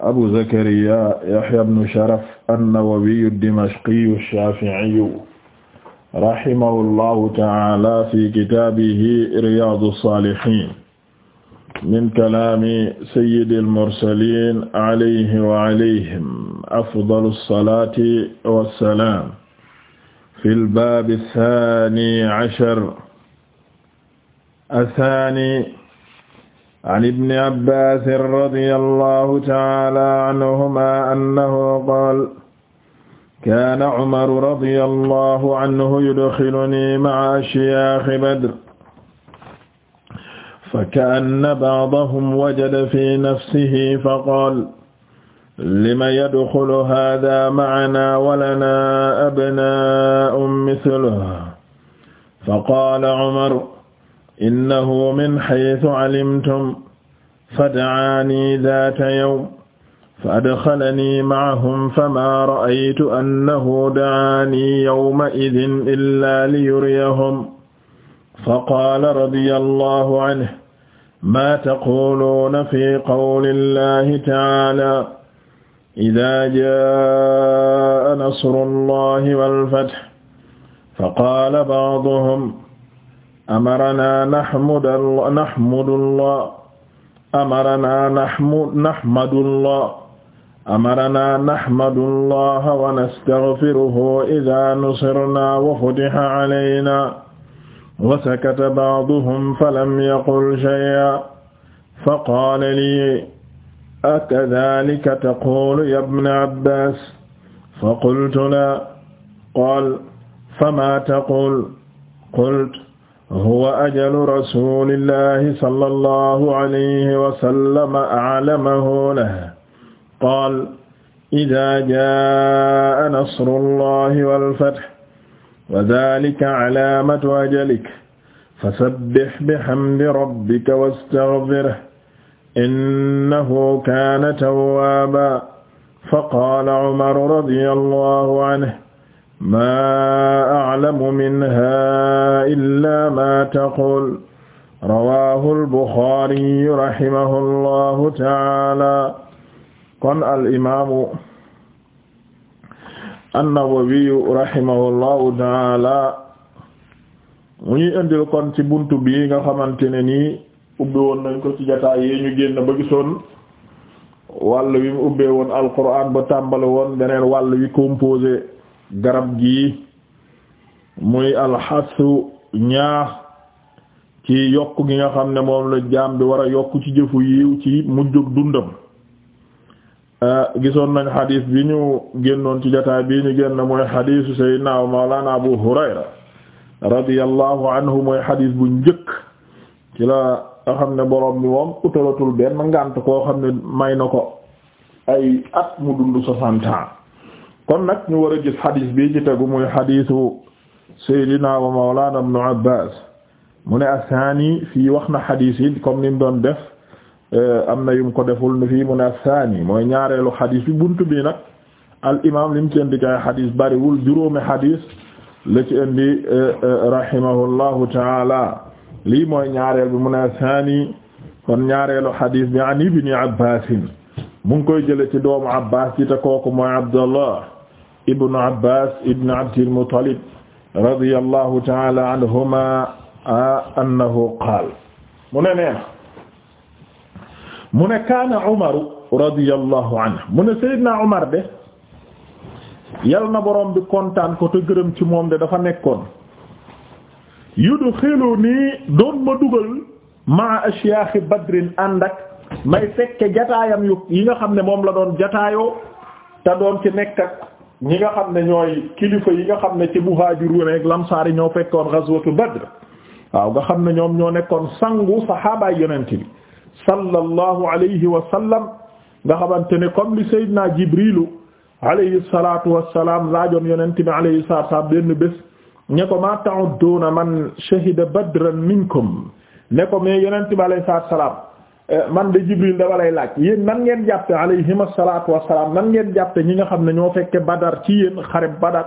abu zakariya yahya ibn sharaf an-nawawiyu ad-dimashqiyu ash-shafi'iyu rahimahullahu ta'ala fi kitaabihi riyaadu saalihiin min kalaami sayyidil mursaliin alayhi wa alayhim afdalu salaati wa salaam fil baabi saani ashar asaani an ibni abbasin radia allahu taala anhuma annahu qaal kaana umaru radia allahu anhu yudxilunii maca ashyaakhi badr fakaanna bacdahum wajada fi nafsihi faqaal lima yadxulu haada macanaa walanaa abnaa'un mithluhu faqaala umaru innahu min xaysu calimtum fad'aani zaata yawm fa adxalani ma'ahum famaa ra'aytu annahu da'aani yawma idin illaa liyuriyahum faqaala radiyallahu anhu maa taquluuna fi qawli llahi ta'aalaa idaa jaa'a nasrullahi wal fath faqaala ba'duhum amaranaa nahmudu llaah amarana namu nahmadullah amarana nahmadullaha wa nastaghfiruhu idha nusirna wa futiha alayna wa sakata ba'duhum falam yaqul shay'an faqala li akadhalika taqulu ya ibna abbas faqultu la qala fama taqul qultu huwa ajalu rasulillahi sallallahu alayhi wa sallam a'lamahu lahu qaala idaa jaa'a nasrullahi wal fath wa dhaalika calaamatu ajalika fasabbih bihamdi rabbika wastaghfirhu innahu kaana tawwaaba faqaala Umar radiyallahu anhu maa a'lamu minha illaa maa taqul rawaahu al-Buxaari rahimahullahu ta'aala kon al-imaamu an-Nawawi rahimahullahu mu ñuy indil kon ci buntu bi nga xamante ne nii ubbe woon nañ ko ci jotaay yi ñu génn ba gisoon wi mu ubbee woon Alquraan ba tàmbale woon beneen wàll wi composé. garab gii muy alxasu ñaax ci yokk gi nga xam ne moom la jaam bi war a yokk ci jëfu yiw ci mujjug dundam euh, gisoon nañ xadiis bi ñu génnoon ci jotaay bi ñu génn mooy xadiisu sayyidina wa mawlana abu hurayra radiyallahu mooy xadiis bu njëkk ci la nga xam ne borom bi moom utalatul benn ngànt koo xam ne may na ko ay at mu dund soixante ans kon nag ñu war a gis xadis bi ci tegu muy xadisu saydina wa mawlana ibnu abbas mu ne athani fii wax na xadis yi comme ni mu doon def eh, am na yum ko deful ni fii mu ne athani mooy ñaareelu xadis bi buntu bi nag al imam li mu ci indi kay xadis bariwul juróomi xadis la ci indi eh, eh, rahimahullahu taala lii mooy ñaareel bi mu ne athani kon ñaareelu xadis bi an koy jële ci doomu abbas ci te kooku mooy abdallah ibnu abbas ibnu abdil muttalib radiyallahu taala anhuma annahu qaal mu ne nee na mu ne kaana umaru radiyallahu anhu mu ne sayyidna umar de yal na borom bi kontaan ko te gërëm ci moom de dafa nekkoon yudxilu nii doon ma dugal maa ashyaaxi badrin ànd ak may fekke jataayam yu yi nga xam ne moom la doon jataayoo te doon ci nekk ak ñi nga xam ne ñooy kilifa yi nga xam ne ci muhaajiruun ak lamsaar yi ñoo fekkoon ghazwatu Badr waaw nga xam ne ñoom ñoo nekkoon sangu saxaabaay yonent bi sallallahu alayhi wa sallam nga xamante ne comme li Seydina Jibrilu alayhi salaatu wa salaam laajoon yonent bi alayhi salaatu wa salaam benn bés ñe ko ma ta'udduna man shahida badran minkum ne ko mais yonent bi alayhi salaatu Eh, man de Jibril dama lay laaj yéen nan ngeen jàppe alayhim asalaatu wasalaam nan ngeen jàppe ñi nga xam ne ñoo fekke Badar ci yéen xare Badar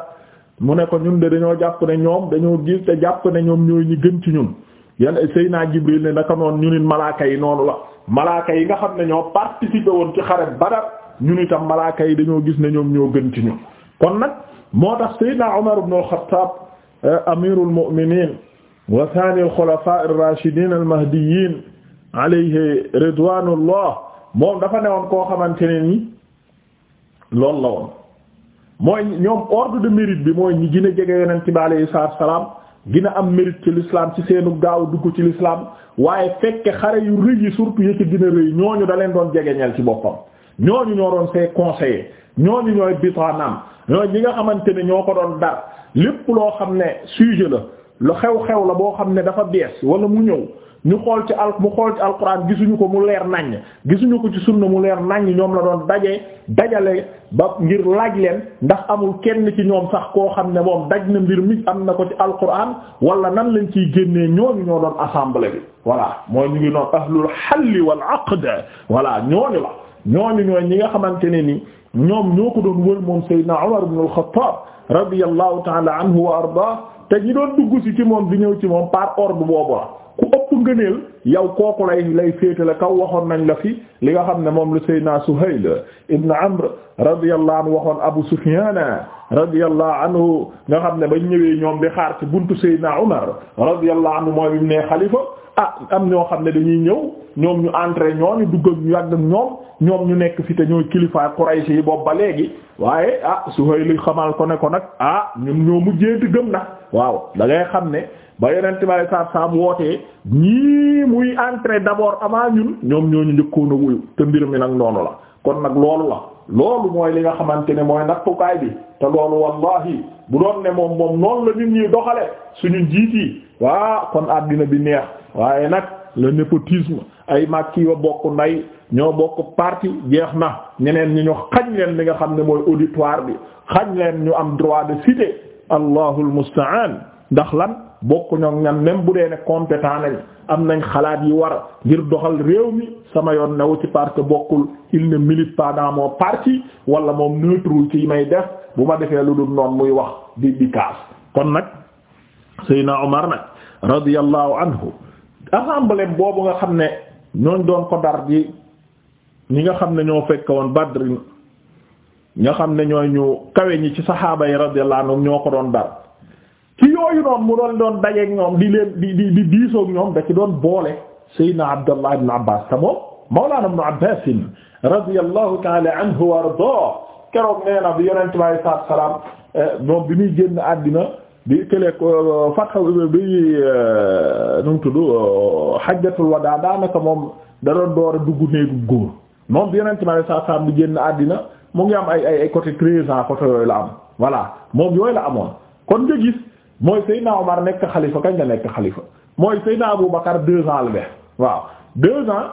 mu ne ko ñun de dañoo jàpp ne ñoom dañoo gis te jàpp ne ñoom ñooy ñi gën ci ñun yan eh, Seydina Jibril ne naka noonu ñu nit malaaka yi noonu la malaaka yi nga xam ne ñoo participé woon ci xare Badar ñun itam malaaka yi dañoo gis ne ñoom ñoo gën ci ñun kon nag moo tax Seydina Umar ibn al-Khattab eh, amirul mu'minin wa thani al-khulafa ar-rashidin al-mahdiyyin alayhi ridwanullah moom dafa newoon koo xamante ne ni loolu la woon mooy ñoom ordre de mérite bi mooy ñi gën a jege yonent bi alayhi salaam gën am mérite ci l'islam ci seenu gaaw dugg ci lislaam waaye fekke xare yu rëy yi surtout yi ci gën a rëy ñooñu da leen doon jegeñal ci boppam ñooñu ñoo doon ses conseillers ñooñu ñooy bitaanam ñooy ñi nga xamante ni ñoo ko doon dar lépp loo xam ne sujet la lu xew-xew la boo xam ne dafa bees wala mu ñëw ñu xool ci al mu xool ci alquran gisuñu ko mu leer naññ gisuñu ko ci sunna mu leer naññ ñoom la doon daje dajale ba ngir laaj leen ndax amul kenn ci ñoom sax koo xam ne moom daj na mbir mi am na ko ci alquran wala nan lañ ciy génnee ñooñu ñoo doon assemblée bi voilà mooy ñu ngi noon ahlul halli wal aqd voilà ñooñu la ñooñu ñooy ñi nga xamante ne nii ñoom ñoo ko doon wër moom Seydina Umar ibn al-Khattab radiyallahu ta'ala anhu wa arda te ñi doon dugg ci ci moom di ñëw ci moom par ordre boobu ku ëpp ngëneel yow kooku lay lay féetale kaw waxoon nañ la fi li nga xam ne moom la Seydina Suhayl ibn Amr radiyallahu anhu waxoon Abu Sufyan radiyallahu anhu nga xam ne bañ ñëwee ñoom di xaar ci buntu Seydina Umar radiyallahu anhu mooy bi mu nee xalifa ah am ñoo xam ne dañuy ñëw ñoom ñu entrer ñooñu dugg yàgg ak ñoom ñu nekk fi te ñooy kilifa Quraysh yi boobu ba léegi waaye ah Suhayl xamal ko ne ko nag ah ñun ñoo mujjee di gëm nag waaw da xam ne. ba yonent bi alei saatu salaam wootee ñii muy entrer d'abord avant ñun ñoom ñooñu njëkkoon a wuyu te mbir mi nag noonu la kon nag loolu la loolu mooy li nga xamante ne mooy nattukaay bi te loolu wallahi bu doon ne moom moom noonu la nit ñi doxale suñu njiit yi waa kon àddina bi neex waaye nag le népotisme ay mag wa bokk nday ñoo bokk parti jeex na ñeneen ñi ñu xañ leen li nga xam ne mooy auditoire bi xañ leen ñu am droit de cité allahul musta'an ndax lan bokk ñoom ñan même bu dee ne compétent nañ am nañ xalaat yi war ngir doxal réew mi sama yoon new ci parce que bokkul il ne milite pas dans mon parti wala moom neutre ci may def bu ma defee lu dul noonu muy wax di di kaas kon nag Seydina Omar nag radiyallahu anhu assemblée boobu nga xam ne ñooñ doon ko dar di ñi nga xam ne ñoo fekk woon Badr nga xam ne ñooy ñu kawe ñi ci saxaaba yi radiyallahu anhum ñoo ko doon dar ci yooyu noonu mu doon doon dajeeg ñoom di leen di di di diisoog ñoom da ci doon boole Seydina Abdallah ibn Abbas te moom Mawlana ibn Abbas radiyallahu ta'ala anhu wa ardaa keroog nee na bi yonent bi alayhi eh, moom bi muy génn àddina eh, eh, bi kële fatxa bi nu mu tudd hajjatul wadaa daanaka moom da doon door a dugg néegu moom bi yonent bi alayhi salaatu salaam bi àddina mu ngi am ay ay côté treize côté yooyu la am voilà moom yooyu la amoon kon nga mooy Seydina Omar nekk xalifa kañ la nekk xalifa mooy Seydina bu Bakar deux ans la waaw deux ans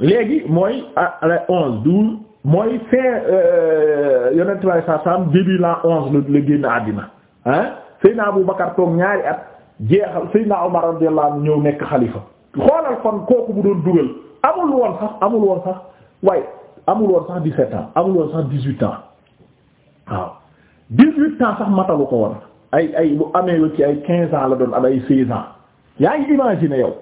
léegi mooy ah, la onze douze mooy fin euh, yonent bi saa saam début l'an onze la génn àddina ah Seydina Abu Bakar toog ñaari at jeexal Seydina Omar radiyallahu anhu ñëw nekk xalifa xoolal kon kooku bu doon dugal amul woon sax amul woon sax waaye amul woon sax dix-sept ans amul woon sax dix-huit ans waaw dix-huit ans sax matalu ko woon. ay ay bu amee lu ci ay quinze ans la doon am ay seize ans yaa ngi imaginer yow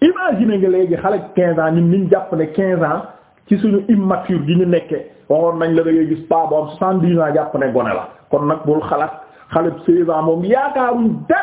imaginer nga léegi xale quinze ans ñun niñ jàpp ne quinze ans ci suñu immature gi ñu nekke waxoon nañ la da ngay gis pas boobu soixante-dix ans jàpp gone la kon nag bul xalaat xale seize ans moom yaakaaruñ da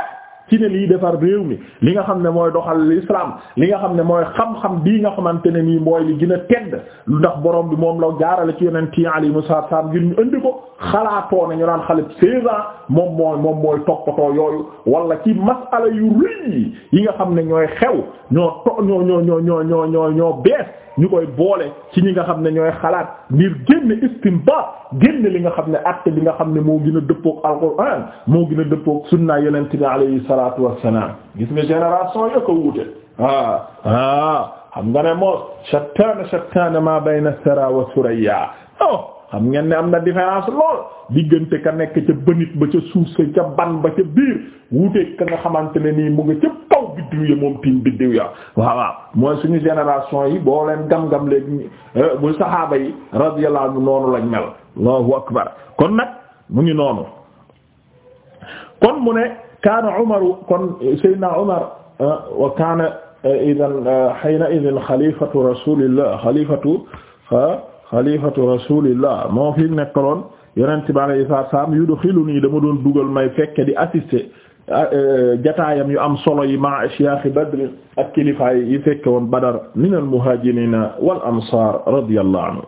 ci ne lii defar réew mi li nga xam ne mooy doxal l'islam li nga xam ne mooy xam-xam bii nga xamante ne nii mooy li gën a tedd ndax borom bi moom la jaarale ci yeneen tii alayhimu salaam ngir ñu indi ko xalaatoo na ñu naan xale seize ans moom mooy moom mooy toppatoo yooyu walla ci masala yu rëy yi nga xam ne ñooy xew ñoo to ñoo ñoo ñoo ñoo ñoo ñoo bees ñu koy boole ci ñi nga xam ne ñooy xalaat ngir génn istinbat génne li nga xam ne acte bi nga xam ne moo gën a dëppook alquran moo gën a dëppook sunna yonent bi alayhi salaatu wassalaam gis nga génération yo ko wuute ah ah xam nga ne moos shattaana shattaana ma bayna sara wa suraya oh xam ngeen ni am na différence lool diggante ka nekk ca bënit ba ca suuf sa ca ban ba ca biir wuuteeg ka nga xamante ne nii mu nga ca kaw biddiw ya moom tiim biddiw ya waaw waaw mooy suñu génération yi boo leen gam-gam léegi eh, bu saxaaba yi radiyallahu anhu noonu lañ mel allahu akbar kon nag mu ngi noonu kon mu ne kaana umaru kon sayyidina umar eh, wa kaana eh, idan hayna idan xalifatu rasulillah xalifatu xalifatu rasulillah moo fi nekkaloon yonent bi alayhi salaatu salaam yudxiluni dama doon dugal may fekke di assister ah, euh, jataayam yu am solo yi ma Cheikh Badr ak kilifa yi fekke woon Badar min al-muhaajiriina wal ansaar radiyallahu anhu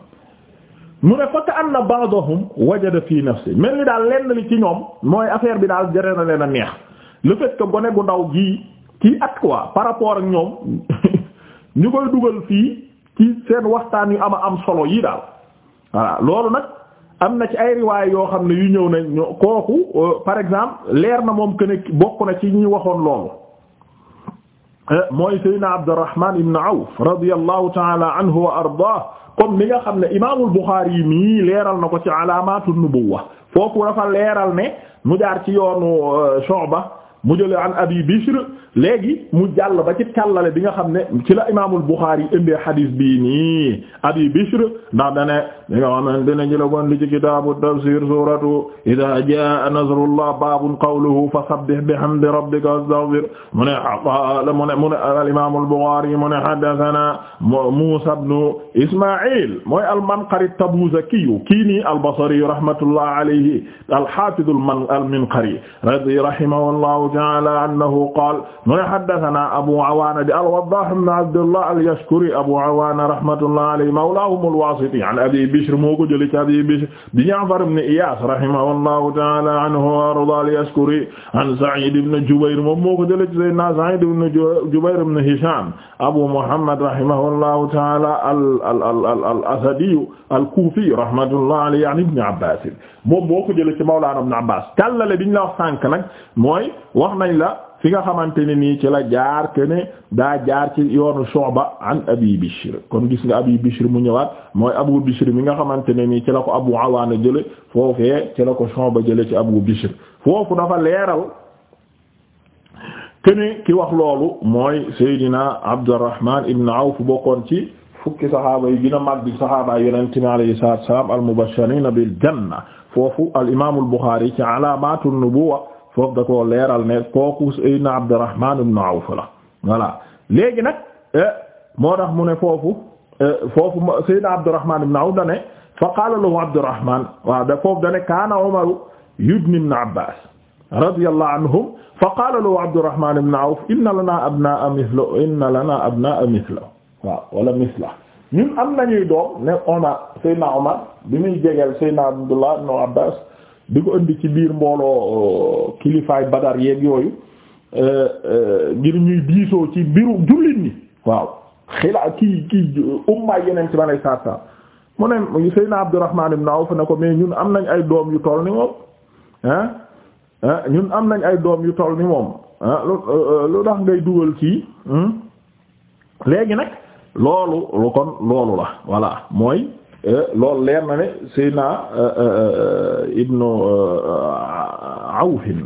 mu ne fa anna ba'dahum wajada fi nafsi mel ni daal lenn li ci ñoom mooy affaire bi daal jërë na leen a neex le fait que gone gu ndaw gii kii at quoi par ak ñoom ñu koy dugal fii. ci seen waxtaan yu ama am solo yi daal voilà loolu nag am na ci ay riwaay yoo xam ne yu ñëw nañ ñoo kooku euh, par exemple leer na moom que ne bokk na ci ñi waxoon loolu euh, mooy Seydina Abdurrahman ibn Awf radiyallahu ta'ala anhu wa ardah comme mi nga xam ne imaamul Buxaari yi mii leeral na ko ci alaamatu nubuwa foofu dafa leeral ne mu jaar ci yoonu euh, Shu'ba mu jële an Abi Bishr léegi mu jàll ba ci tallale bi nga xam ne ci la imaamul Buxaari indee hadis bii nii abi Bishr ndax dane li nga xamante ne jëlagoon li ci kitaabu tafsir suratu idaa jaa nasrullah baabun qawluhu fasabbih bihamdi rabbika wastaghfir mu ne qaala mu ne mu ne alimaamul Buxaari mu ne haddathana Muusaa ibnu Ismaa'iil mooy al-Manqari at-Tabuuzakiyu kii nii al-Basri rahmatullah alayhi al-Haafiz al-Minqari rahimahu llahu ta'aala annahu qaala mu ne haddathana Abu Awaana di al-Waddaah ibn Abdullah al-Yashkuri Abu Awaana rahmatullah alayhi mawlaahum al-Waasiti an Abi Bishr moo ko jëlee ci Abi Bishr di Ja'far ibn Iyaas rahimahullahu ta'aala anhu wa ardaa al-Yashkuri an Sa'iid ibn Jubayr moom moo ko jëlee ci Sayyidina Sa'iid ibn Jubayr ibn Hishaam Abu Muhammad rahimahullahu ta'aala al-Asadi al-Kuufi rahmatullah alayhi an Ibn Abbaas moom moo ko jëlee ci Mawlaana Ibn Abbaas tallale biñ la wax sànk nag mooy wax nañ la fi nga xamante ne nii ci la jaar ke ne daa jaar ci yoonu Shu'ba an Abi Bishr kon gis nga Abi Bishr mu ñëwaat mooy Abu Bishr mi nga xamante ne nii ci la ko Abu Awaana jële foofee ci la ko Shu'ba jële ci Abu Bishr foofu dafa leeral ke ne ki wax loolu mooy Seydina Abdurrahman ibn Awf bokkoon ci fukki saxaaba yi gën a mag bi saxaaba yonent mi alayhi salaatu wa salaam al-mubashshiriina bil janna foofu al imaamul Buxaari ci alaamaatun nubuwwa foofu da koo leeral ne kooku sayyidina Abdurrahman ibn Awf la voilà léegi nag eh, moo tax mu ne foofu eh, foofu sayyidina Abdurrahman ibn Awf da ne fa qaala lahu Abdurrahman waaw da foofu da ne kaana Umar yubni ibn Abbas radiyallahu anhum fa qaala lahu Abdurrahman ibn Awf inna lanaa abnaa'a mithla inna lanaa abnaa'a mithla waaw wala mithla ñun am nañuy doom ne Omar sayyidina Omar bi muy jegeel sayyidina Abdullah ibn Abbas di ko indi ci biir mbooloo euh, kilifaay badar yeeg yooyu euh, euh, ngir ñuy diisoo ci biru jullit ñi waaw xilaa kii kii ummaay yeneen ci ma lay saab saab mu ne Seydina Abdurrahman ibn Awf ne ko mais ñun am nañ ay doom yu toll ni moom ñun am nañ ay doom yu toll ni moom lu tax ngay dugal ci hmm? léegi nag loolu lu kon loolu la voilà mooy Eh, loolu leer na ne Seydina eh, eh, ibnu Awfin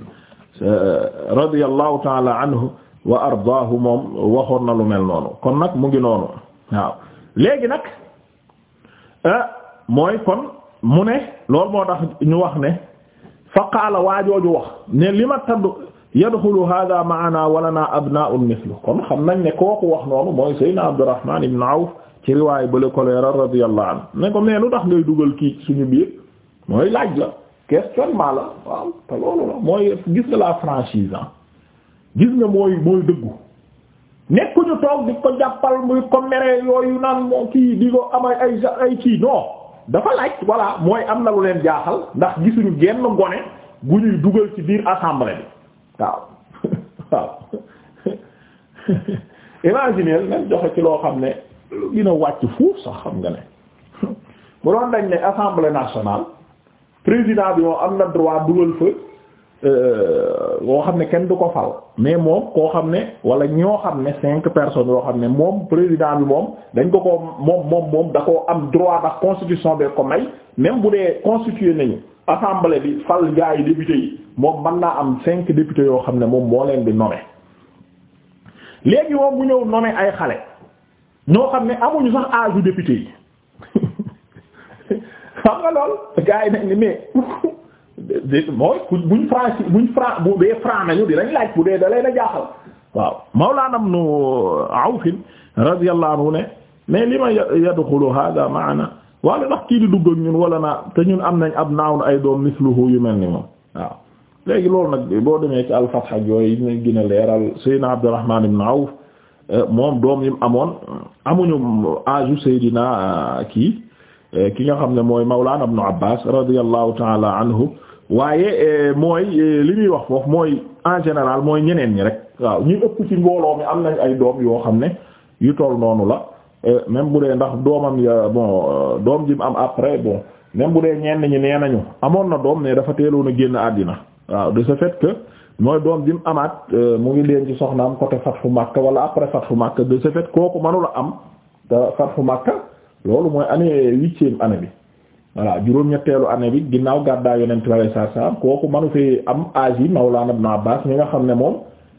radiyallahu taala anhu wa ardaahu moom waxoon na lu mel noonu kon nag mu ngi noonu waaw léegi nag mooy kon mu ne loolu moo tax ñu wax ne fa qaala waajooju wax ne li ma tadd yadxulu hada maana walana abnaun mislu kon xam nañ ne kooku wax noonu mooy Seydina Abdurrahman ibn Awf ci riwaay bale koleeral radiyallahu anhu ne ko mais tax ngay dugal kii suñu biir mooy laaj la questionnement la waaw te loolu la mooy gis nga la franchise ah gis nga mooy mooy dëggu nekkuñu toog di ko jàppal muy ko mere yooyu naan moo kii di ko amay ay ay kii non dafa laaj voilà mooy am na lu leen jaaxal ndax gisuñu genn gone gu ñuy dugal ci biir assemblée bi waaw waaw imaginer leen joxe ci loo xam ne dina wàcc fuuf sax xam nga ne bu doon dañ ne assemblée nationale président bi moom am na droit dugal fa euh, koo xam ne kenn du ko fal mais moom koo xam ne wala ñoo xam ne cinq personnes yoo xam ne moom président bi moom dañ ko ko moom moom moom da ko am droit ndax constitution bee ko may même bu dee constitué nañu assemblée bi fal gars yi député yi moom mën naa am cinq députés yoo xam ne moom moo leen di nommer léegi moom bu ñëw nommer ay xale ñoo xam ne amuñu sax âge député yi xam nga lool gars yi nañ ni mais mooy buñ franc buñ franc bu dee franc nañu dinañ laaj bu dee da lay na jaaxal waaw mawlaana ibn Awf radiyallahu anhu ne mais li ma yadxulu hada maana wala ndax kii di dugg ak ñun wala naa te ñun am nañ ab naaw ay doom misluhu yu mel ni moom waaw léegi loolu nag boo demee ci al-Fath ak yooyu dinañ gën a leeral Sayyidina Abdurrahman ibn Awf Euh, moom doom yi mu amoon amuñu aju Seydina euh, kii euh, ki nga xam ne mooy Mawlana Ibn Abbas radiyallahu taala anhu waaye mooy li muy wax foofu mooy en général mooy ñeneen ñi rek waaw ñu ëpp ci mbooloo mi am na ay doom yoo xam ne yu toll noonu la même bu dee ndax doomam ya bon doom ji mu am après bon même bu dee ñenn ñi nee nañu amoon na doom ne dafa teeloon a génn àddina waaw de ce fait que. mooy doom bi mu amaat euh, mu ngi leen ci soxnaam côté fu Makka wala après fu Makka de ce kooku kooku manula am te fatxu Makka loolu mooy année huitième année bi voilà juróom-ñetteelu année bi ginnaaw gàddaa yonent bi alayhi salaam kooku manu fi am âge yi Mawlaana naa Abbaas mi nga xam ne moom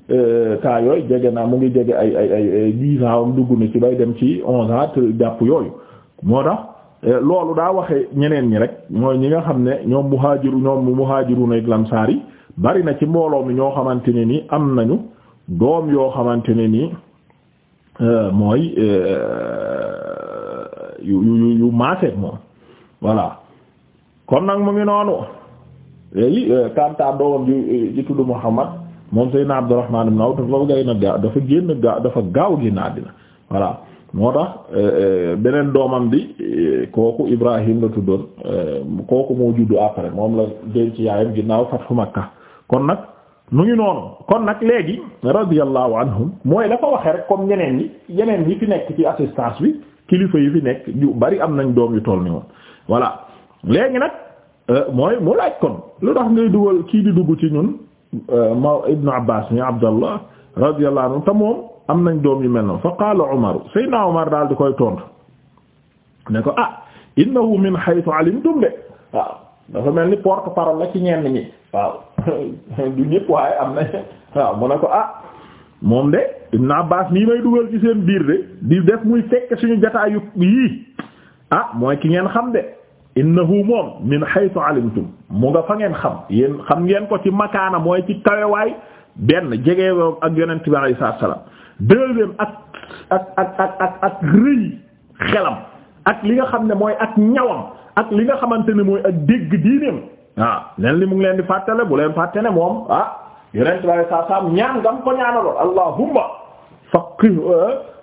taa euh, yooyu jege naa mu ngi jege ay ay ay dix ans am dugg na ci bay dem ci onze ans te jàpp yooyu moo tax. Euh, loolu daa waxe ñeneen ñi rek mooy ñi nga xam ne ñoom muhaajiru ñoom muhaajiru na ak lamsaar yi bari na ci mbooloo mi ñoo xamante ne ni am nañu doom yoo xamante ne ni euh, mooy euh, yu yu yu maaseet moom voilà kon nag mu ngi noonu léegi euh, kanta doomam ji ji tudd Muhammad moom Seydina Abdurrahman ibn Awf dafa gay gaaw dafa génn gaaw dafa gaaw génn àddina voilà moo tax beneen doomam bi kooku Ibrahim la tuddoon kooku moo juddu après moom la denc yaayam ginnaaw fu Makka kon nag nu ngi noonu kon nag léegi radiyallahu anhum mooy la ko waxee rek comme ñeneen yi ñeneen yi fi nekk ci assistance bi kilifa yi fi nekk yu bari am nañ doom yu toll ni woon voilà léegi nag euh, mooy mu laaj kon lu tax ngay dugal kii di dugg ci ñun euh, ma ibnu abbas ni abdallah radiyallahu anhu te moom am nañ doom yu mel noonu fa qaala umaru saydna umar daal di koy tontu ne ko ah innahu min haythu alimtum de waaw dafa mel ni porte parole la ci ñenn ñi waaw du ñépp waaye am na waaw mu ne ko ah moom de Ibn Abbas mii may dugal ci seen biir de di def muy fekk suñu jataayu yii ah mooy ki ngeen xam de innahu moom min haythu alimtum mu nga fa ngeen xam yéen xam ngeen ko ci makaana mooy ci kawewaay benn jegeewoo ak yonent bi alayhi salaam deuxième ak ak ak xelam ak li nga xam ne mooy ak ñawam ak li nga xamante ne mooy ak dégg diineem waaw ah nen li mu ngi leen di fàttale bu leen fàttale moom ah yeneen ci laay saa saam ñaan nga mu ko ñaanaloon allahumma faqih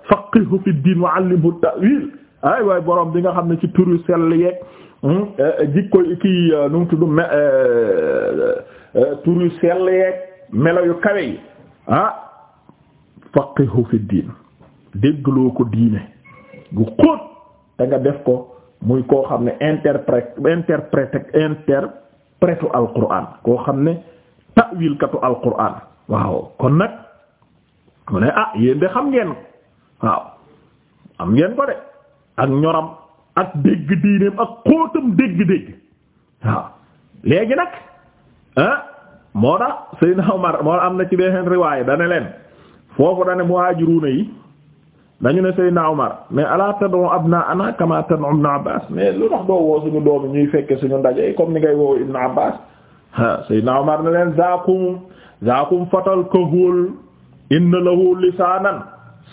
faqihu fi diin wa allimhu ta'wil ay waay borom bi nga xam ne ci turu sell yeeg hmm, eh, jikko kii eh, nu mu tudd me eh, turu sell yeeg melo yu kawe yi ah faqihu fi diin déggloo ko diine gu xóot te nga def ko muy koo xam ne interprète interprète interprète pretu alquran koo xam ne ta'wil katu alquran waaw kon nag mu ne ah yéen de xam ngeen waaw am ngeen ko de ak ñoram ak dégg diineem ak xóotam dégg-dégg waaw léegi nag ah moo tax Seydina Omar moo am na ci beneen riwaaya dane leen foofu dane muhaajiruuna yi dañu ne Seydina Omar mais ala tad'u abna'ana kama tad'u Ibn Abbas mais lu tax doo woo suñu doomi ñuy fekke suñu ndaje comme ni ngay woo Ibn Abbas ah Seydina Omar ne leen zaakum zaakum fatal kahul inna lahu lisaanan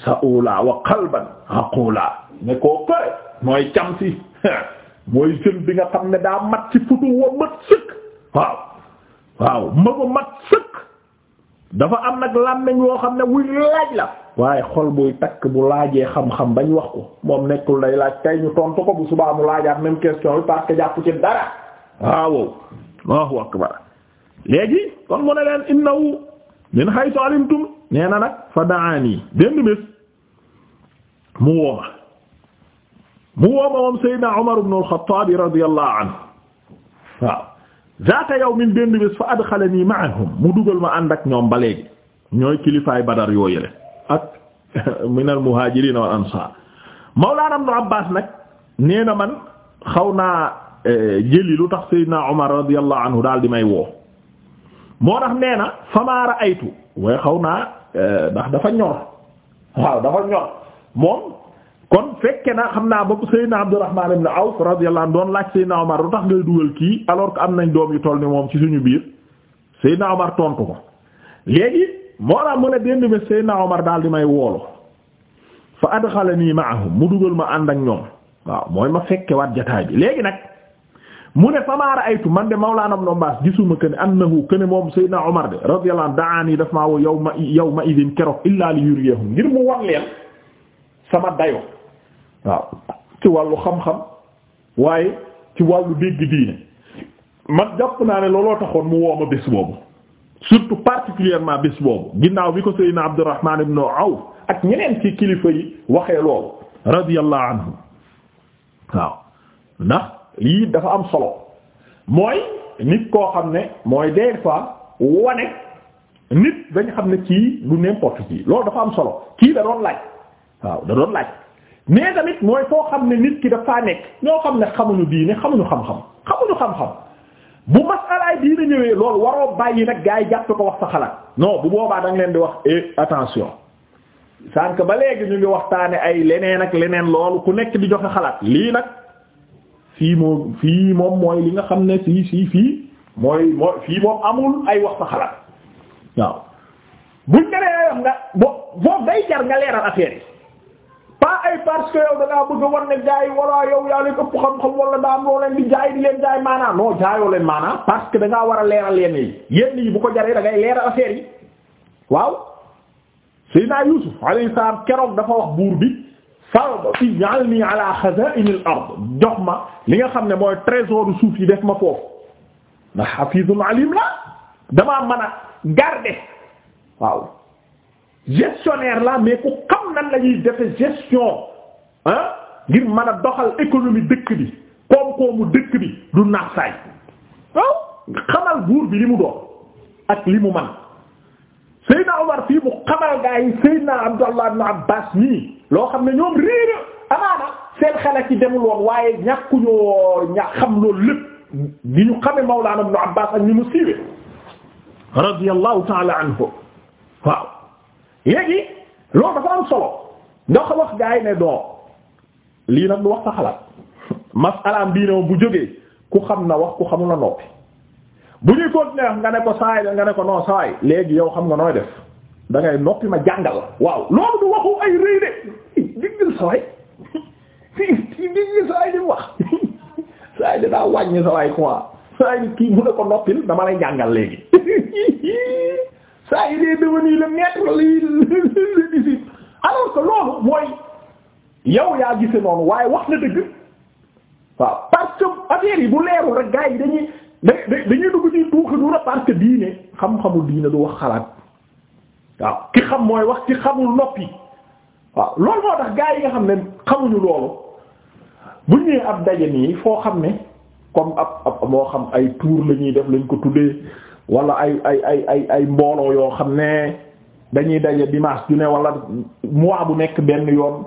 sa'ula wa qalban aqula ne koo kore mooy cam mooy jën bi nga xam ne daa mat ci futu wa mat sëkk waaw waaw ma mat sëkk dafa am nag làmmiñ woo xam ne wuy laaj la waaye xol buy takk bu laajee xam-xam bañ wax ko moom nekkul day laaj tey ñu tontu ko bu subaa mu laajaat même question bi parce jàkku jàpp ci dara waaw Allahu akbar léegi kon mu ne leen innahu min haythu alimtum nee na nag fa daani benn bés mu wooma mu wooma moom Seydina Umar ibn al-Khattab radiyallahu anhu waaw yow yawmin benn bés fa adxalanii ma'ahum mu dugal ma ànd ak ñoom ba léegi ñooy kilifaay Badar yoo yële ak minal muhaajiriin wal ansaar Mawlaana Ibnu Abbaas nag nee na man xaw naa eh, jëli lu tax Seydina Omar radiyallahu daal di may woo moo tax nee na famaa ra'aytu waaye xaw naa eh, ndax dafa ñor waaw dafa ñor moom. kon fekke na xam naa ba Seydina Abdurrahman ibn Awf radiyallahu anhu doon laaj Seydina Omar lu tax ngay dugal kii alors que am nañ doom yu toll ni moom ci suñu biir Seydina Omar tontu ko léegi moo la mu ne daal di may woolu fa adxalanii ma'ahum mu dugal ma ànd ak ñoom waaw mooy ma fekke waat jataay bi léegi nag mu ne famaa ra'aytu man de laa Ibn Abbaas gisuma que ne annahu que ne moom Seydina Omar de radiyallahu anhu da'aanii daf ma woo yawma yawma idin keroog illaa li yuriyahum ngir mu wax leen sama dayo waaw ci wàllu xam-xam waaye ci wàllu dégg diine ma jàpp naa ne looloo taxoon mu wooma bés boobu surtout particulièrement bés boobu ginnaaw bi ko Seydina Abdurrahman ibn aw ak ñeneen ci kilifa yi waxee loolu radiyallahu anhu waaw ndax lii dafa am solo mooy nit koo xam ne mooy des fois wane nit dañ xam ne kii du n'importe kii loolu dafa am solo kii da doon laaj waaw da doon laaj mais tamit mooy foo xam ne nit ki dafaa nekk ñoo xam ne xamuñu diine xamuñu xam-xam xamuñu xam-xam bu masalaay diine ñëwee loolu waroo bàyyi nag gaa yi jàpp ko wax sa xalaat non bu boobaa da leen di wax eh attention sànq ba léegi ñu ngi waxtaane ay leneen ak leneen loolu ku nekk di joxe xalaat lii nag fii moom fii moom mooy li nga xam ne fii fii fii mooy mooy fii moom amul ay wax sa xalaat waaw buñ nga nee nga bo foofu day jar nga leeral affaire yi. pas ay parce que yow da ngaa bëgg a yow yaa leen ëpp xam-xam wala daa moo leen jaay di leen jaay maanaa non jaayoo leen maanaa parce que da ngaa war a leeral yenn yi yi bu ko jaree da ngay leeral affaire yi waaw Seydina Yuusuf alayhi salaam keroog dafa wax buur bi farba ij'alni ala xaza'in al-ard jox ma li nga xam ne mooy trésor suuf yi def ma foofu ndax hafizun alim la damaa mën a garder waaw gestionnaire la mais ku xam nan la defe gestion ah ngir mën a doxal économie dëkk di koom-koomu dëkk bi du naax saay waaw oh. buur bi li mu doon ak li mu man Seydina Omar fii mu xamal gaa yi Seydina Abdallah ibn Abbas nii loo xam ne ñoom réera amaana seen xel ci demul woon waaye ñàkkuñoo ña xam loolu lépp ni ñu xame Mawlana ibn Abbas ak ni mu siiwe radiyallahu ta'ala anhu léegi loolu dafa am solo nga wax gaa yi ne doo lii nag du wax sa xalaat masalaam bii ne bu jógee ku xam na wax ku xamul na noppi bu ñuy continuer nga ne ko saay nga ne ko non saay léegi yow xam nga nooy def da noppi ma jàngal la waaw loolu du waxu ay rëy de diggil sawaay di wax sawaay di daa wàññi sawaay quoi sawaay di kii mu ne ko noppil dama lay jàngal léegi ça il est devenu le maître li li li alors que loolu mooy yow yaa gise noonu waaye wax na dëgg waaw parce que affaire yi bu leerul rek gars yi dañuy dañuy dugg ci tuuxi du na parce que diine xam-xamul diine du wax xalaat waaw ki xam mooy wax ki xamul noppi waaw loolu moo tax gars yi nga xam ne xamuñu loolu bu ñëwee ab daje nii foo xam ne comme ab ab moo xam ay tour la ñuy def lañ ko tuddee wala ay ay ay ay ay mbooloo yoo xam ne dañuy daje dimanche ju ne wala mois bu nekk benn yoon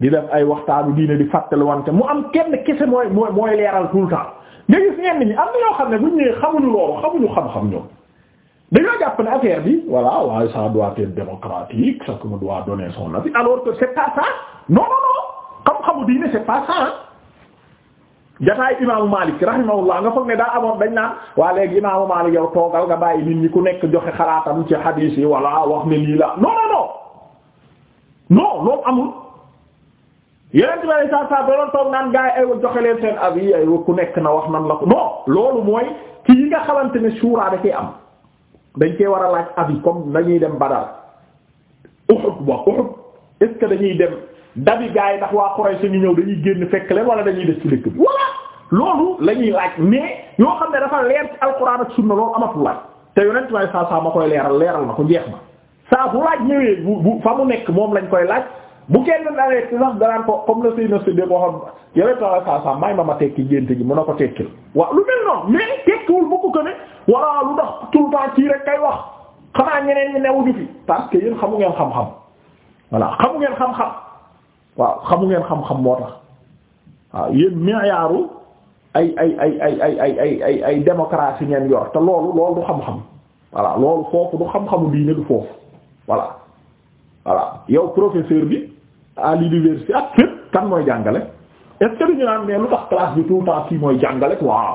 di def ay waxtaanu diine di fàttali wante mu am kenn kese mooy mooy mooy leeral tout le temps nga gis ñenn ñi am na yoo xam ne bu ñu xamuñu loolu xamuñu xam-xam ñoom dañoo jàpp ne affaire bi walla waaye ça doit être démocratique chacun doit donner son avis alors que c'est pas ça non non non xam-xamu diine c'est pas ça jataay imaamu Malik rahimahullah nga dañ naan waa léegi imaamu Malik yow toogal nga bàyyi nit ñi ku nekk joxe xalaatam ci hadis yi walla wax ne lii la non non non non loolu amul yeneen tubaab toog naan gars yi joxe leen seen avis aywa ku nekk na wax nan la ko non loolu mooy ci yi nga xamante ne suuraa da cee am dañ cee war a laaj avis comme dañuy dem Badar Uhud ba Uhud est-ce que dabi gaa yi ndax waa Quraysh ñu ñëw dañuy génn fekk leen wala dañuy des ci dëkk bi voilà loolu la ñuy laaj mais yoo xam ne dafa leer ci alquran ak sunna loolu amatul laaj te yonent waaye saa saa ma koy leeral leeral na ko jeex na saa bu laaj bu bu mu nekk moom lañ koy laaj bu kenn dalee ci sax danaan ko comme le Seydina Siddiq waxoon yonent waaye may ma ma tekki gént gi mun na ko tekkil waaw lu mel noonu mais tekkiwul bu ko ko ne walla lu dox tout le temps kii rek wax xanaa ñeneen ñi newuñu fi parce que yéen xamu ngeen xam-xam voilà xamu ngeen xam-xam waaw xamu ngeen xam-xam moo tax waaw yéen meeyaaru ay ay ay ay ay ay ay ay ay démocratie ngeen yor te loolu loolu du xam-xam voilà loolu foofu du xam-xamu diine du foofu voilà voilà yow professeur bi à l'université ak fépp kan mooy jàngale est-ce que duñu naan mais lu mooy jàngale waaw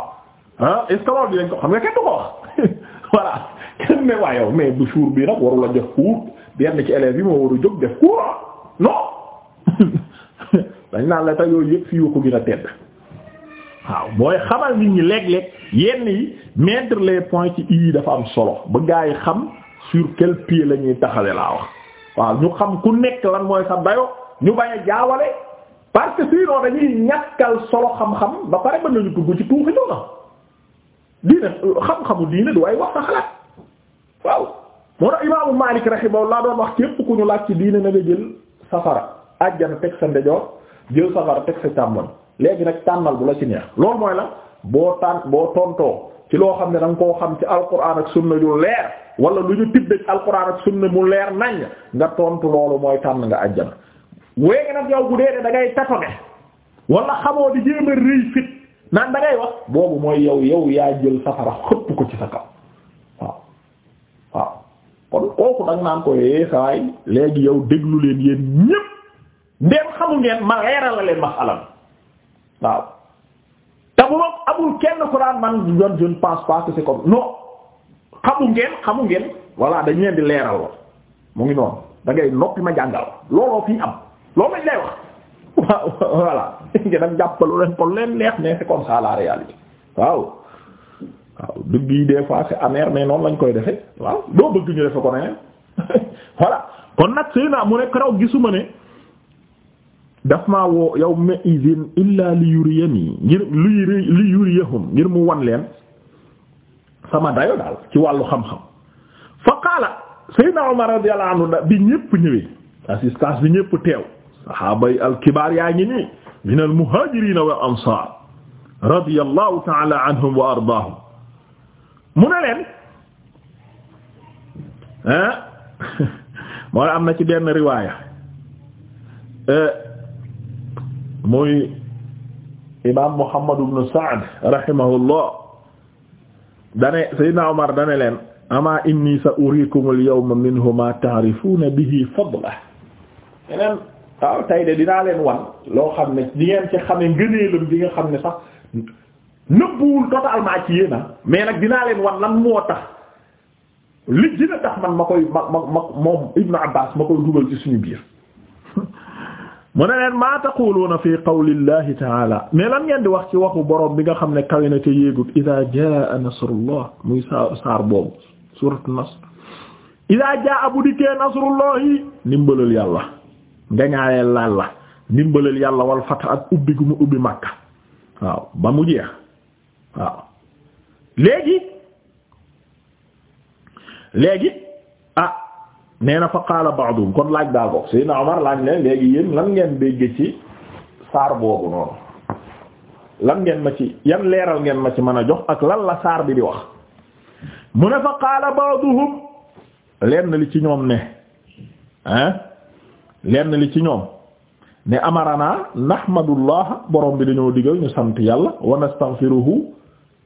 ah loolu dinañ ko xam nga kenn ko wax voilà kenn ne waa yow mais bu jour bi nag waru la def cours benn ci élèves yi moo war a jóg def cours non. dañ naan la te yooyu yëpp fii ko gën a tedd waaw mooy xamal nit ñi léeg-léeg yenn yi mettre les point ci i dafa am solo ba gaa yi xam sur quel pied la ñuy taxale laa wax waaw ñu xam ku nekk lan mooy sa dayo ñu bañ a jaawale parce que sinon dañuy ñàkkal solo xam-xam ba pare mën nañu tugg ci tuuxi ñoo na xam-xamu diine du waaye wax sa xalaat waaw moo tax imaamu Maalik rahimahullah doon wax képp ku ñu laaj ci diine na nga jël safara àjjana teg sa ndejoor jël safara teg sa càmmoñ léegi nag tànnal bu la ci neex loolu mooy la boo tàn boo tontoo ci loo xam ne da koo xam ci alquran ak sunna wala lu ñu tibbee ci alquran ak mu leer nañ nga tontu loolu mooy tànn nga àjjana wéegi nag yow bu dee dangay ngay tatone wala xamoo di jéem rëy fit naan da wax boobu mooy yow yow yaa jël safara xëpp ko ci sa kaw waaw waaw kon kooku da naan ko eh, yee léegi yow déglu leen yéen ñépp. ndéem xamu ngeen ma leeral la leen masala waaw te amul kenn ku daan man jon je ne pas que c'est comme non xamu ngeen xamu ngeen voilà dañ leen di leeral la mu ngi noonu da ngay noppi ma jàngal looloo fi am loolu lañ lay wax waaw voilà ngeen am jàppalu leen ko leen neex mais c'est comme la réalité waaw waaw dëgg yi fois c'est amer mais noonu lañ koy defe waaw doo ñu defe ko neneen voilà kon nag sëy naa mu ne keroog gisuma ne daf maa woo yow ma izin illa li yuriyani ngir luy li yuriyahum ngir mu wan leen sama dayo daal ci wàllu xam-xam fa qaala sayyidna Umar radiyallahu anhu bi ñépp ñëwee assistance bi ñépp teew sahaabay alkibaar yaa ngi nii min almuhaajiriina wal ansaar radiyallahu ta'ala anhum wa ardaahum mu ne leen ah moo am na ci benn riwaaya eh, muy imaam Muhammad ibn Sa'd rahimahullah dane Seydina Omar dane leen ama inni sa urikum al yawma minhu ma ta'rifuna bihi fadlah yeneen waaw tay de leen wan loo xam ne di ngeen ci xame ngëneelam di nga xam ne sax nëbbuwul totalement ci yéena mais nag dinaa leen wan lan moo tax li dina tax man ma koy Ibn Abbas ma koy dugal ci mu ne leen maa taquluuna fi qawlillahi taala mais lan ngeen di wax ci waxu borom bi nga xam ne kawe na te yéegul ida jaa nasrullah muy saar saar boobu suuratu nasr ida jaa bu dikkee nasrullahi ndimbalal yàlla ngañaaleel laal la ndimbalal yàlla wal fat ak ubbi gu mu ubbi makka waaw ba mu jeex waaw léegi léegi ah nee na fa qaala ba'dum kon laaj daa ko Seydina Omar laaj ne léegi yéen lan ngeen dégg ci saar boobu noonu lan ngeen ma ci yan leeral ngeen ma ci mën a jox ak lan la saar bi di wax mu ne fa qaala ba'duhum lenn li ci ñoom ne ah lenn li ci ñoom ne amarana nahmadullah borom bi dañoo digal ñu sant yàlla wa nastaghfiruhu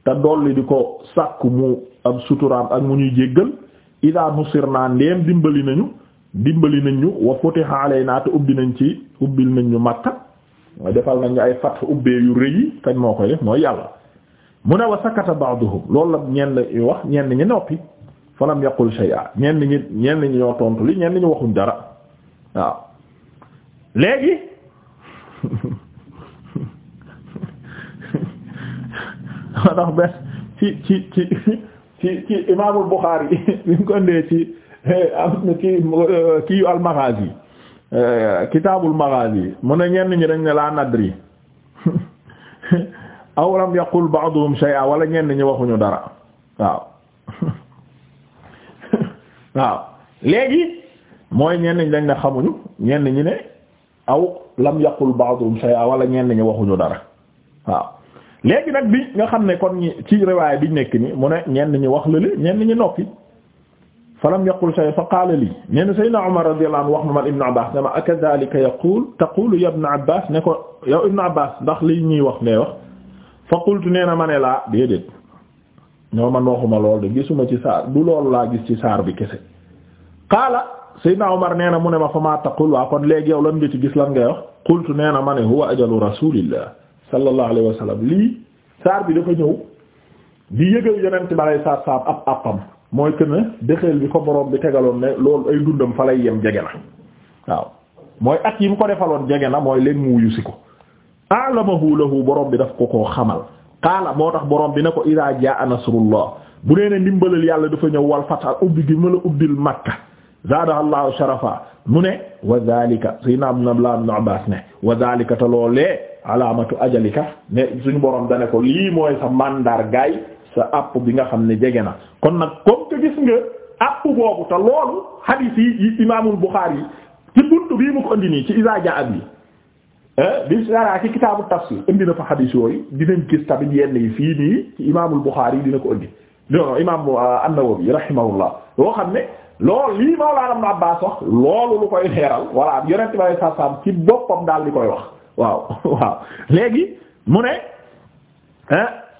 te dolli di ko sàkk mu am suturaam ak mu ñuy jéggal ida nusir naa ndéem dimbali nañu dimbali nañ ñu wa futiha alayna te ubbi nañ ci ubbil nañ ñu Makka defal nañ ay fat ubbee yu rëy yi kañ moo koy def mooy yàlla mu ne wa sakata ba'duhum loolu la ñenn ñu wax ñenn ñi noppi falam yaqul shay'a ñenn ñi ñenn ñi ñoo tontu li ñenn ñi waxuñ dara waaw léegi ndax benn ci ci ci ci ci imaamul Bukhari bi ñu ko indee ci ci kii al-Maghazi euh, kitaabul Maghazi mu ne ñenn ñi dañ ne laa nadri aw lam yaqul ba'duhum shay'a wala ñenn ñi waxuñu dara waaw waaw léegi mooy ñenn ñi dañ ne xamuñu ñenn ñi ne aw lam yaqul ba'duhum shay'a wala ñenn ñi waxuñu dara waaw léegi nag bi nga xam ne kon ñi ci riwaay biñ nekk ni mu ne ñenn ñi wax la ñeen lële ñenn ñi noppi falam yaqul shay fa qaala lii nee na saydna Umar radiyallahu anhu wax ma man ibnu Abbas dama akadhalika yaqul taqulu ya ibnu Abbas ne ko yow ibnu Abbas ndax lii ñuy wax ngay wax fa qultu nee na ma ne laa déedéet ñoo man waxuma lool de gisuma ci saar du loolu laa gis ci saar bi kese qaala saydna Umar nee mu ne ma fa maa taqul waa kon léegi yow lan nga ci gis lan ngay wax qultu nee na ma ne huwa ajalu rasulillah sallallahu alayhi wa sallam lii saar bi dafa ñëw di yëgal yonent ba lay saar saab ab àppam mooy que ne dexeel bi ko borom bi tegaloon ne loolu ay dundam fa lay yem jege na waaw mooy at yi mu ko defaloon jege na mooy leen mu wuyu si ko a'lamahu lahu borom bi daf ko koo xamal qaala moo tax borom bi ne ko idaa jaa nasrullah bu nee ne ndimbalal yàlla dafa ñëw wal fatal ubbi gi ma la ubbil makka zaadaha allahu sharafa mu ne wa zalika sayna abdullah ibn abbas ne wa zalika te loolee alaamatu ajalika ne suñu borom da ne ko lii mooy sa mandargaay sa app bi nga xam ne jege na kon nag comme que gis nga app boobu te loolu hadith yi imaamul Buxaari yi bi saraa eh, ci kitaabu tafsir indi na fa hadith yooyu dinañ gis tamit yenn fii nii ci imaamul yi dina ko indi non imaam euh, an-Nawawi xam ne loolu lii Mawlaana Ibn Abbaas wax loolu lu koy leeral voilà yonent bi sallallahu alayhi ci boppam daal di koy wax waaw waaw léegi mu ne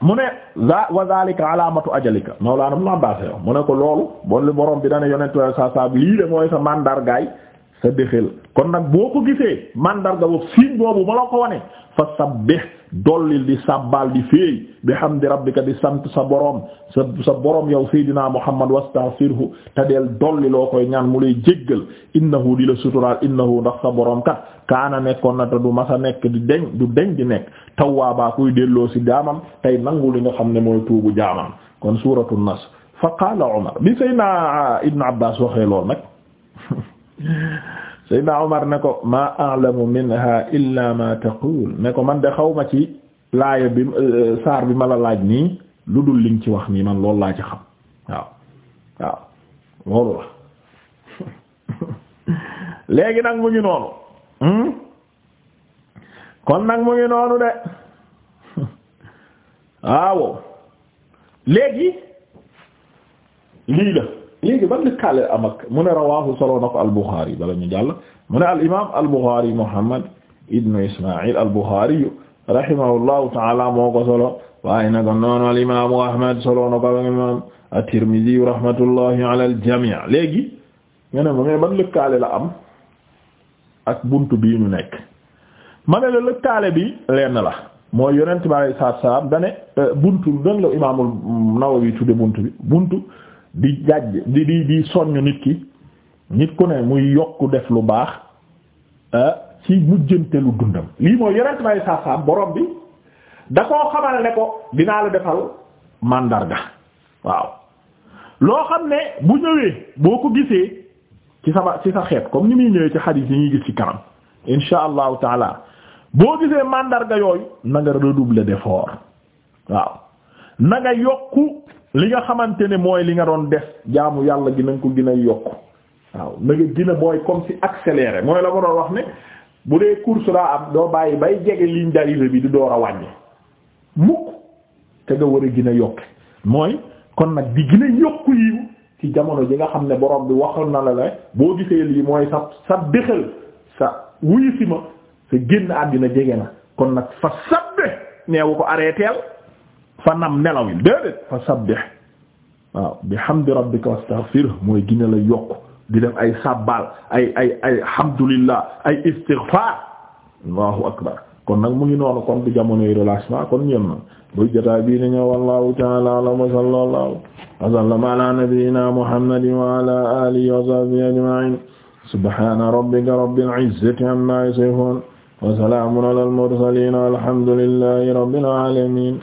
mu ne za wa zalika alamatu ajalika mawlaana Ibn Abbaas mu ne ko loolu bon li borom bi dana yonent saa saab lii de mooy sa mandargaay sa déxel kon nag boo ko gisee mandarga boobu signe boobu ma la ko wane fa sabbih dollil di sabbal di feey bi hamdi rabbika di sant sa boroom sa sa boroom yow seydinaa muhammad wastaghfirhu te deel dolli loo koy ñaan mu lay jéggal innahu di la suturaal innahu ndax sa boroom kat kaana nekkoon na te du masa nekk di deñ du deñ di nekk tawwaabaa kuy delloo si jaamam tey nangu li nga xam ne mooy tuubu jaamam kon suuratu nas fa qaala umar bi seydinaa ibnu abbaas waxee lool nag Seydina Omar ne ko ma a'lamu minha illa ma taqul ne ko man de xaw ma ci laaya bi euh, saar bi ma la laaj nii lu dul liñ ci wax nii man loolu laa ci xam waaw waaw loolu la léegi nag mu ngi noonu hmm? kon nag mu ngi noonu de waaw léegi lii la léegi ban lëkkaale am ak mu ne solo na al-Bukhari bala ñu jàll mu al-imaam al-Bukhari Muhammad ibnu Isma'il al-Bukhari rahimahullahu ta'ala moo ko solo waaye nag noonu al-imaamu Ahmad solo na al-imaam at-Tirmidhi rahmatullahi al-jamii' léegi nga ban lëkkaale la am ak buntu bii ñu nekk ma ne la lëkkaale bi lenn la mooy yonent bi alayhi salaatu wa salaam dane euh, buntu dan Nawawi tudde buntu di jàjj di di di soññ nit ki nit ku ne muy yokk def lu baax ah, ci mujjantelu dundam lii mooy yenent may saasaam borom bi da koo xamal ne ko dinaa la defal màndarga waaw loo xam ne bu ñëwee boo ko gisee ci sama ci sa xeet comme ni muy ñëwee ci xadiis yi ñuy gis ci kanam insha allahu taala boo gisee màndarga yooyu na nga redoubler d'effort waaw na yokku li nga xamante ne mooy li nga doon def jaamu yàlla gi na ko gën a yokk waaw na nga gën a mooy comme si accéléré mooy la ma doon wax ne bu dee course laa am doo bàyyi bay jege ligne d'arrivée di door a wàññi te nga war a gën a yokk mooy kon nag di gën yokk yiw ci jamono ji nga xam ne borom bi waxoon na la la boo gisee lii mooy sa sa déxal sa wuyu si ma sa génn àddina jege na kon nag fa sabbe neewu ko arrêteel fa nam nelawin déedéet fa sabbih waaw bihamdi rabbika wastaghfirhu mooy gina la yokk di def ay sabbal ay ay ay alhamdulillah ay istighfar allahu akbar kon nag mu ngi noonu kon di jamonoy relâchement kon ñëw na buy jotaay bii ni ñëw wallahu ta'ala a'lam wa sallallahu wa sallama ala nabiyyina muhammadin wa ala alihi wa sahbihi ajma'in subhana rabbika rabbil izzati amma yasifun wa salamun ala al mursalin walhamdulillahi rabbil alamin